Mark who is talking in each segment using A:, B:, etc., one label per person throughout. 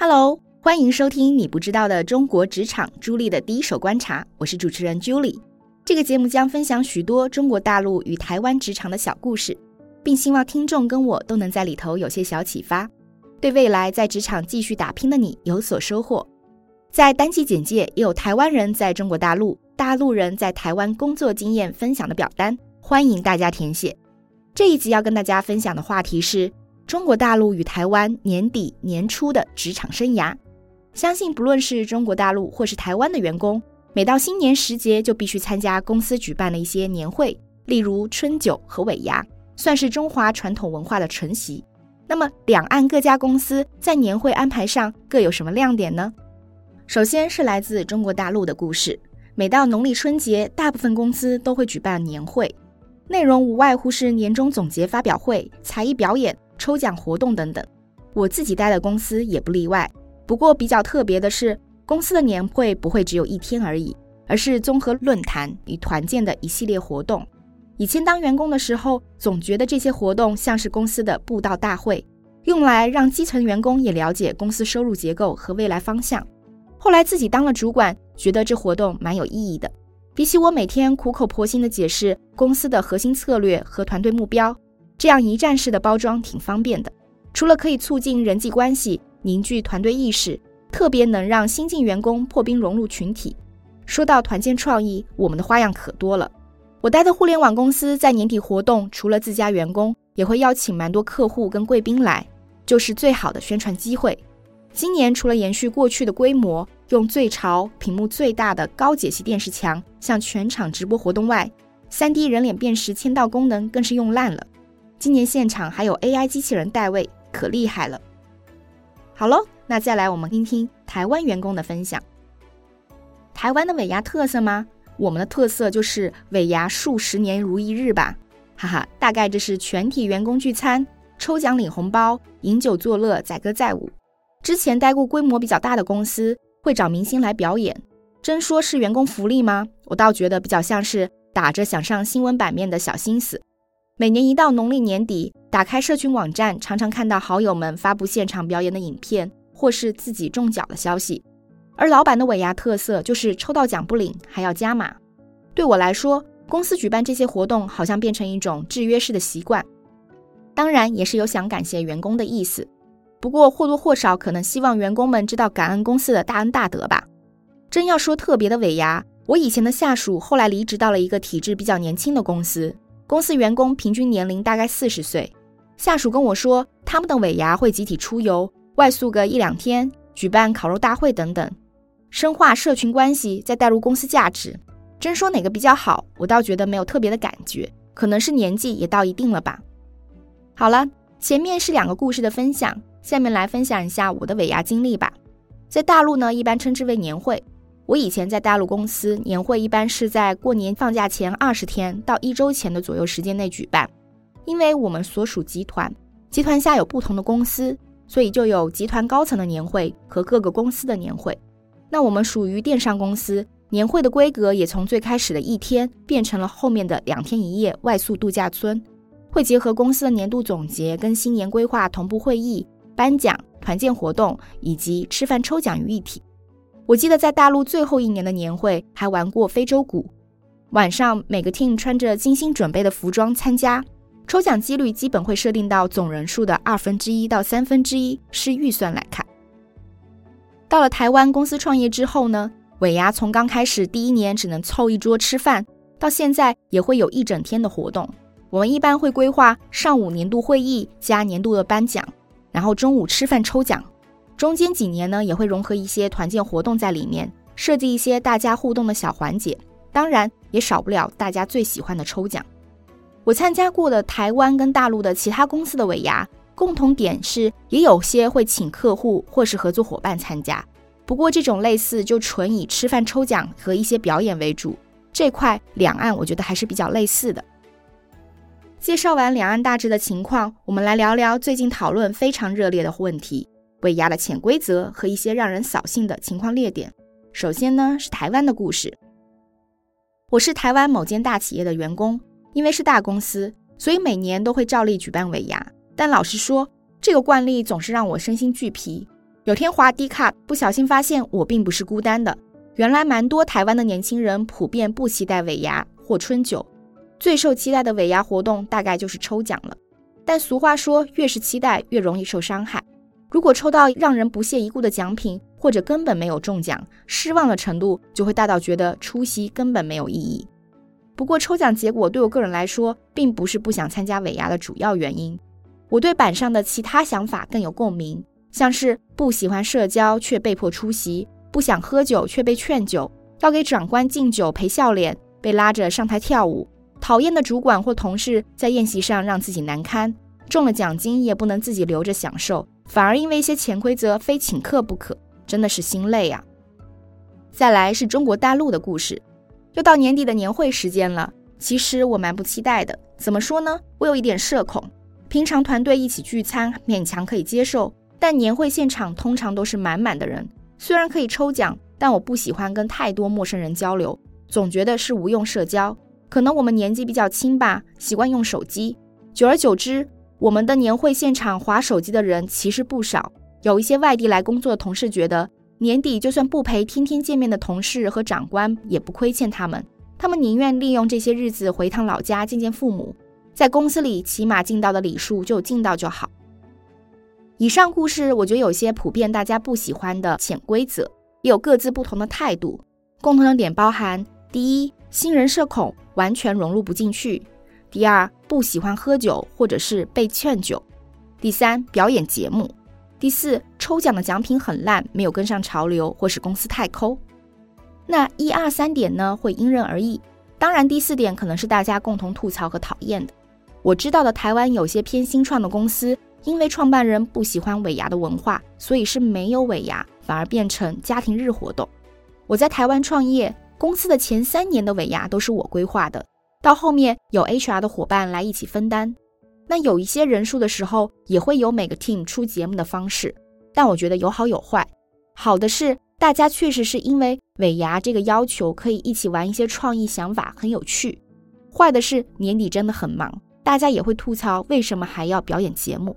A: 哈嘍，歡迎收聽你不知道的中國職場，朱俐的第一手觀察，我是主持人 Julie。這個節目將分享許多中國大陸與台灣職場的小故事，並希望聽眾跟我都能在裡頭有些小啟發，對未來在職場繼續打拼的你有所收穫。在單季簡介也有台灣人在中國大陸、大陸人在台灣工作經驗分享的表單，歡迎大家填寫。這一集要跟大家分享的話題是。中國大陸與台灣年底年初的職場生涯，相信不論是中國大陸或是台灣的員工，每到新年時節就必須參加公司舉辦的一些年會，例如春酒和尾牙，算是中華傳統文化的承襲。那麼，兩岸各家公司在年會安排上各有什麼亮點呢？首先是來自中國大陸的故事，每到農曆春節，大部分公司都會舉辦年會，內容無外乎是年終總結發表會、才藝表演。抽獎活動等等，我自己待的公司也不例外。不過比較特別的是，公司的年會不會只有一天而已，而是綜合論壇與團建的一系列活動。以前當員工的時候，總覺得這些活動像是公司的布道大會，用來讓基層員工也了解公司收入結構和未來方向。後來自己當了主管，覺得這活動蠻有意義的，比起我每天苦口婆心地解釋公司的核心策略和團隊目標。這樣一站式的包裝挺方便的，除了可以促進人際關係、凝聚團隊意識，特別能讓新進員工破冰融入群體。說到團建創意，我們的花樣可多了。我待的互聯網公司在年底活動，除了自家員工，也會邀請蠻多客戶跟貴賓來，就是最好的宣傳機會。今年除了延續過去的規模，用最潮、屏幕最大的高解析電視牆向全場直播活動外，3D 人臉辨識簽到功能更是用爛了。今年現場還有 AI 機器人代位，可厲害了。好嘍，那再來我們聽聽台灣員工的分享。台灣的尾牙特色嗎？我們的特色就是尾牙數十年如一日吧，哈哈。大概這是全體員工聚餐、抽獎領紅包、飲酒作樂、載歌載舞。之前待過規模比較大的公司，會找明星來表演。真說是員工福利嗎？我倒覺得比較像是打着想上新聞版面的小心思。每年一到農曆年底，打開社群網站，常常看到好友們發佈現場表演的影片，或是自己中獎的消息。而老板的尾牙特色就是抽到獎不領，還要加碼。對我來說，公司舉辦這些活動好像變成一種制約式的習慣，當然也是有想感謝員工的意思。不過或多或少可能希望員工們知道感恩公司的大恩大德吧。真要說特別的尾牙，我以前的下屬後來離職到了一個體制比較年輕的公司。公司員工平均年齡大概四十歲，下屬跟我說，他們的尾牙會集體出遊，外宿個一兩天，舉辦烤肉大會等等，深化社群關係，再帶入公司價值。真說哪個比較好，我倒覺得沒有特別的感覺，可能是年紀也到一定了吧。好了，前面是兩個故事的分享，下面來分享一下我的尾牙經歷吧。在大陸呢，一般稱之為年會。我以前在大陸公司，年會一般是在過年放假前二十天到一周前的左右時間內舉辦，因為我們所屬集團，集團下有不同的公司，所以就有集團高層的年會和各個公司的年會。那我們屬於電商公司，年會的規格也從最開始的一天變成了後面的兩天一夜外宿度假村，會結合公司的年度總結跟新年規劃同步會議、頒獎、團建活動以及吃飯抽獎於一體。我記得在大陸最後一年的年會還玩過非洲鼓，晚上每個 team 穿着精心準備的服裝參加，抽獎幾率基本會設定到總人數的二分之一到三分之一，視預算來看。到了台灣公司創業之後呢，尾牙從剛開始第一年只能湊一桌吃飯，到現在也會有一整天的活動。我們一般會規劃上午年度會議加年度的頒獎，然後中午吃飯抽獎。中間幾年呢，也會融合一些團建活動在裡面，設計一些大家互動的小環節，當然也少不了大家最喜歡的抽獎。我參加過的台灣跟大陸的其他公司的尾牙，共同點是也有些會請客戶或是合作夥伴參加，不過這種類似就純以吃飯、抽獎和一些表演為主。這塊兩岸我覺得還是比較類似的。介紹完兩岸大致的情況，我們來聊聊最近討論非常熱烈的問題。尾牙的潛規則和一些讓人掃興的情況列點。首先呢，是台灣的故事。我是台灣某間大企業的員工，因為是大公司，所以每年都會照例舉辦尾牙。但老實說，這個慣例總是讓我身心俱疲。有天滑 D 卡，不小心發現我並不是孤單的。原來蠻多台灣的年輕人普遍不期待尾牙或春酒，最受期待的尾牙活動大概就是抽獎了。但俗話說，越是期待，越容易受傷害。如果抽到讓人不屑一顧的獎品，或者根本沒有中獎，失望的程度就會大到覺得出席根本沒有意義。不過，抽獎結果對我個人來說，並不是不想參加尾牙的主要原因。我對板上的其他想法更有共鳴，像是不喜歡社交卻被迫出席，不想喝酒卻被勸酒，要給長官敬酒陪笑臉，被拉着上台跳舞，討厭的主管或同事在宴席上讓自己難堪。中了獎金也不能自己留着享受，反而因為一些潛規則非請客不可，真的是心累啊。再來是中國大陸的故事，又到年底的年會時間了。其實我蠻不期待的，怎麼說呢？我有一點社恐，平常團隊一起聚餐勉強可以接受，但年會現場通常都是滿滿的人。雖然可以抽獎，但我不喜歡跟太多陌生人交流，總覺得是無用社交。可能我們年紀比較輕吧，習慣用手機，久而久之。我們的年會現場滑手機的人其實不少，有一些外地來工作的同事覺得年底就算不陪天天見面的同事和長官也不虧欠他們，他們寧願利用這些日子回趟老家見見父母，在公司裡起碼盡到的禮數就盡到就好。以上故事我覺得有些普遍大家不喜歡的潛規則，也有各自不同的態度，共同的點包含：第一，新人社恐，完全融入不進去。第二，不喜歡喝酒或者是被勸酒；第三，表演節目；第四，抽獎的獎品很爛，沒有跟上潮流，或是公司太摳。那一二三點呢，會因人而異。當然，第四點可能是大家共同吐槽和討厭的。我知道的台灣有些偏新創的公司，因為創辦人不喜歡尾牙的文化，所以是沒有尾牙，反而變成家庭日活動。我在台灣創業，公司的前三年的尾牙都是我規劃的。到後面有 HR 的伙伴來一起分擔，那有一些人數的時候也會有每個 team 出節目的方式，但我覺得有好有壞。好的是大家確實是因為尾牙這個要求可以一起玩一些創意想法，很有趣；壞的是年底真的很忙，大家也會吐槽為什麼還要表演節目。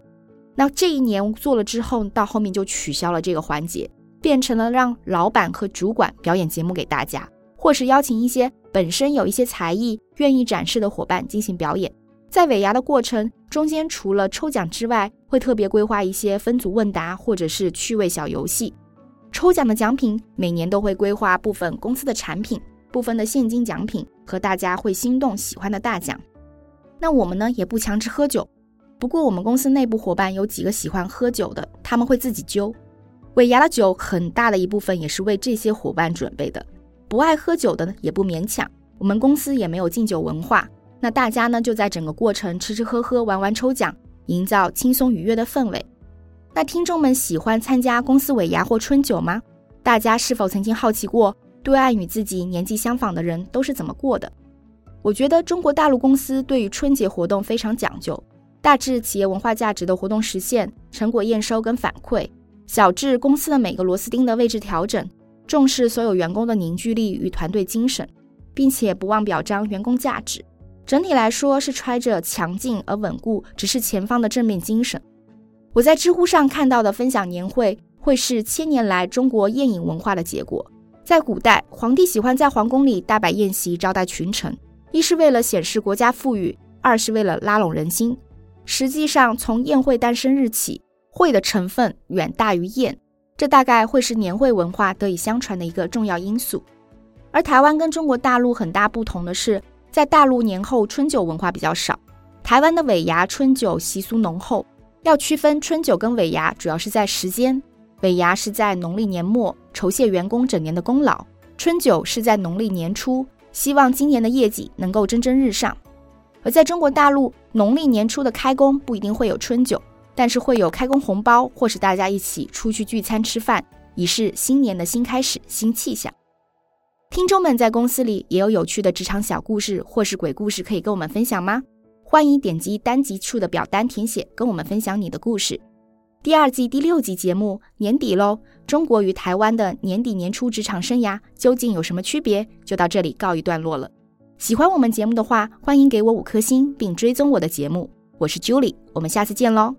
A: 那這一年做了之後，到後面就取消了這個環節，變成了讓老板和主管表演節目給大家。或是邀請一些本身有一些才藝、願意展示的伙伴進行表演。在尾牙的過程中間，除了抽獎之外，會特別規劃一些分組問答或者是趣味小遊戲。抽獎的獎品每年都會規劃部分公司的產品、部分的現金獎品和大家會心動喜歡的大獎。那我們呢也不強制喝酒，不過我們公司內部伙伴有幾個喜歡喝酒的，他們會自己揪。尾牙的酒很大的一部分也是為這些伙伴準備的。不愛喝酒的呢，也不勉強。我們公司也沒有敬酒文化，那大家呢就在整個過程吃吃喝喝、玩玩抽獎，營造輕鬆愉悅的氛圍。那聽眾們喜歡參加公司尾牙或春酒嗎？大家是否曾經好奇過，對岸與自己年紀相仿的人都是怎麼過的？我覺得中國大陸公司對於春節活動非常講究，大至企業文化價值的活動實現成果驗收跟反饋，小至公司的每個螺絲釘的位置調整。重視所有員工的凝聚力與團隊精神，並且不忘表彰員工價值。整體來說是揣着強勁而穩固、直視前方的正面精神。我在知乎上看到的分享，年會會是千年來中國宴飲文化的結果。在古代，皇帝喜歡在皇宮裡大擺宴席招待群臣，一是為了顯示國家富裕，二是為了拉攏人心。實際上，從宴會誕生日起，會的成分遠大於宴。這大概會是年會文化得以相傳的一個重要因素。而台灣跟中國大陸很大不同的是，在大陸年後春酒文化比較少，台灣的尾牙春酒習俗濃厚。要區分春酒跟尾牙，主要是在時間。尾牙是在農曆年末酬謝員工整年的功勞，春酒是在農曆年初，希望今年的業績能夠蒸蒸日上。而在中國大陸，農曆年初的開工不一定會有春酒。但是會有開工紅包，或是大家一起出去聚餐吃飯，以示新年的新開始、新氣象。聽眾們在公司裡也有有趣的職場小故事，或是鬼故事可以跟我們分享嗎？歡迎點擊單集處的表單填寫，跟我們分享你的故事。第二季第六集節目，年底嘍，中國與台灣的年底年初職場生涯究竟有什麼區別？就到這裡告一段落了。喜歡我們節目的話，歡迎給我五顆星，並追蹤我的節目。我是 Julie，我們下次見嘍。